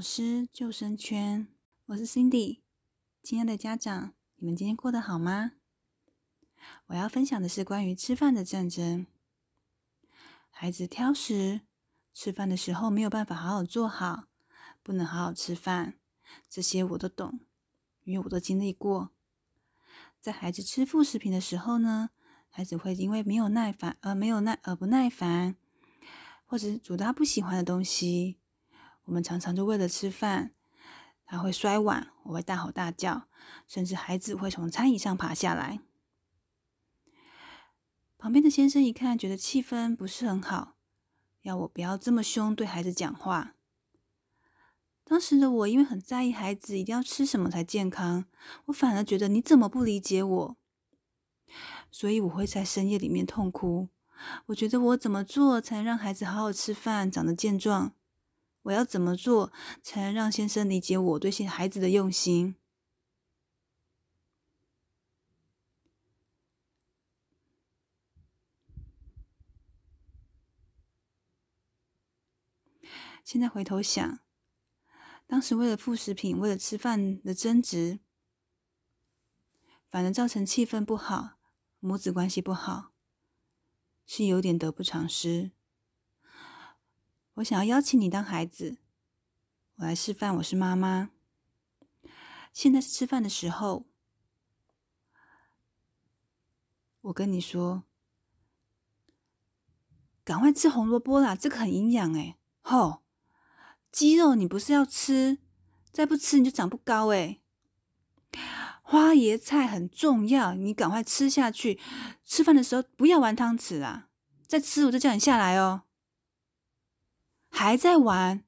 老師，救生圈。我是 Cindy，親愛的家長，你們今天過得好嗎？我要分享的是關於吃飯的戰爭。孩子挑食，吃飯的時候沒有辦法好好坐好，不能好好吃飯，這些我都懂，因為我都經歷過。在孩子吃副食品的時候呢，孩子會因為沒有耐煩而沒有耐而不耐煩，或者煮他不喜歡的東西。我們常常就為了吃飯，他會摔碗，我會大吼大叫，甚至孩子會從餐椅上爬下來。旁邊的先生一看，覺得氣氛不是很好，要我不要這麼凶對孩子講話。當時的我因為很在意孩子一定要吃什麼才健康，我反而覺得你怎麼不理解我？所以我會在深夜裡面痛哭。我覺得我怎麼做才能讓孩子好好吃飯，長得健壯。我要怎麼做才能讓先生理解我對孩子的用心？現在回頭想，當時為了副食品，為了吃飯的爭執，反而造成氣氛不好，母子關係不好，是有點得不償失。我想要邀請你當孩子，我來示範。我是媽媽，現在是吃飯的時候。我跟你說，趕快吃紅蘿蔔啦，這個很營養欸。吼，雞肉你不是要吃，再不吃你就長不高欸。花椰菜很重要，你趕快吃下去。吃飯的時候不要玩湯匙啦，再吃我就叫你下來哦。還在玩，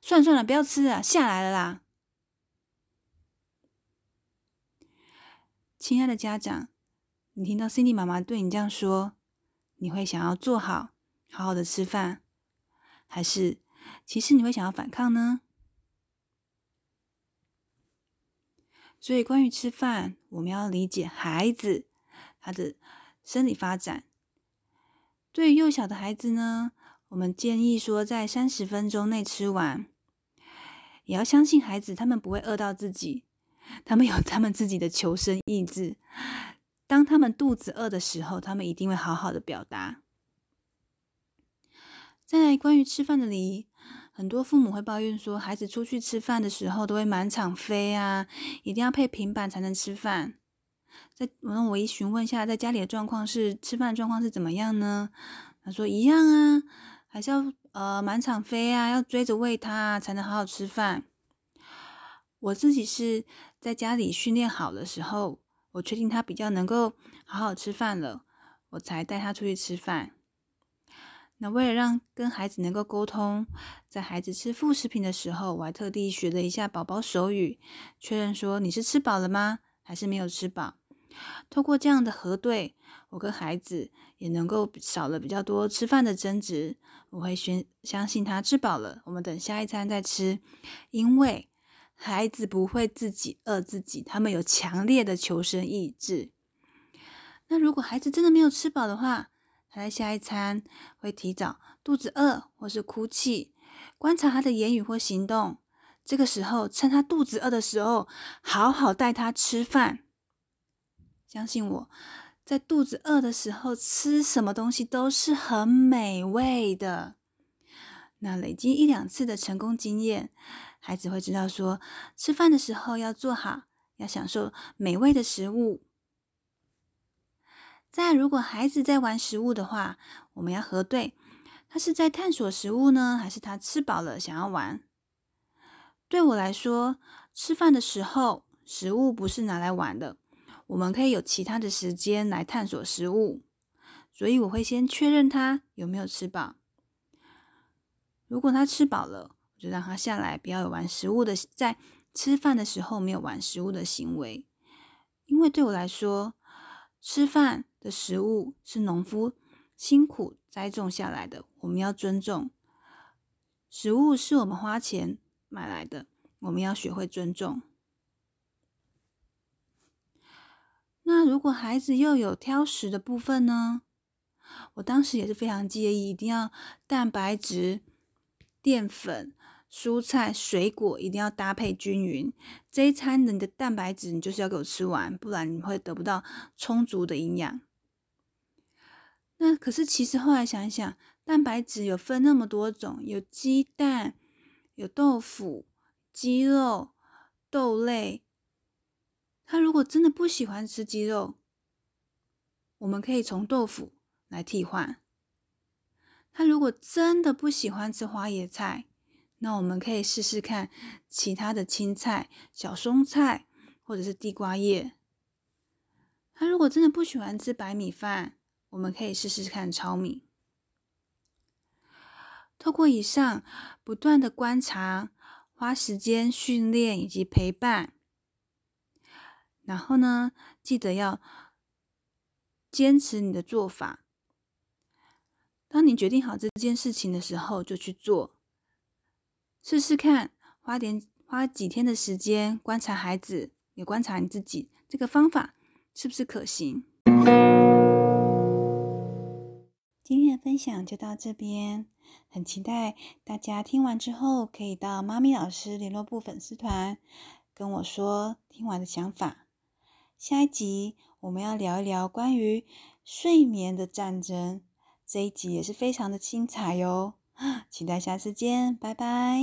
算算了，不要吃了，下來了啦。親愛的家長，你聽到 Cindy 媽媽對你這樣說，你會想要做好，好好的吃飯，還是其實你會想要反抗呢？所以，關於吃飯，我們要理解孩子，他的生理發展。對於幼小的孩子呢？我們建議說，在三十分鐘內吃完，也要相信孩子，他們不會餓到自己，他們有他們自己的求生意志。當他們肚子餓的時候，他們一定會好好的表達。在關於吃飯的禮儀，很多父母會抱怨說，孩子出去吃飯的時候都會滿場飛啊，一定要配平板才能吃飯。在我，我一詢問一下，在家裡的狀況是吃飯狀況是怎麼樣呢？他說一樣啊。還是要呃滿場飛啊，要追着餵他、啊、才能好好吃飯。我自己是在家裡訓練好的時候，我確定他比較能夠好好吃飯了，我才帶他出去吃飯。那為了讓跟孩子能夠溝通，在孩子吃副食品的時候，我還特地學了一下寶寶手語，確認說，你是吃飽了嗎？還是沒有吃飽？通過這樣的核對，我跟孩子。也能夠少了比較多吃飯的爭執，我會先相信他吃飽了，我們等下一餐再吃，因為孩子不會自己餓自己，他們有強烈的求生意志。那如果孩子真的沒有吃飽的話，他在下一餐會提早肚子餓或是哭泣，觀察他的言語或行動，這個時候趁他肚子餓的時候，好好帶他吃飯，相信我。在肚子餓的時候，吃什麼東西都是很美味的。那累積一兩次的成功經驗，孩子會知道說，吃飯的時候要做好，要享受美味的食物。再，如果孩子在玩食物的話，我們要核對，他是在探索食物呢，還是他吃飽了想要玩？對我來說，吃飯的時候，食物不是拿來玩的。我們可以有其他的時間來探索食物，所以我會先確認他有沒有吃飽。如果他吃飽了，我就讓他下來，不要有玩食物的，在吃飯的時候沒有玩食物的行為。因為對我來說，吃飯的食物是農夫辛苦栽種下來的，我們要尊重；食物是我們花錢買來的，我們要學會尊重。那如果孩子又有挑食的部分呢？我當時也是非常介意，一定要蛋白質、澱粉、蔬菜、水果一定要搭配均勻。這一餐的你的蛋白質你就是要給我吃完，不然你會得不到充足的營養。那可是其實後來想一想，蛋白質有分那麼多種，有雞蛋、有豆腐、雞肉、豆類。他如果真的不喜歡吃雞肉，我們可以從豆腐來替換。他如果真的不喜歡吃花椰菜，那我們可以試試看其他的青菜、小松菜或者是地瓜葉。他如果真的不喜歡吃白米飯，我們可以試試看糙米。透過以上不斷的觀察、花時間訓練以及陪伴。然後呢，記得要堅持你的做法。當你決定好這件事情的時候，就去做，試試看，花點花幾天的時間觀察孩子，也觀察你自己，這個方法是不是可行？今天的分享就到這邊，很期待大家聽完之後可以到媽咪老師聯絡簿粉絲團跟我說聽完的想法。下一集我們要聊一聊關於睡眠的戰爭，這一集也是非常的精彩喲、哦，期待下次見，拜拜。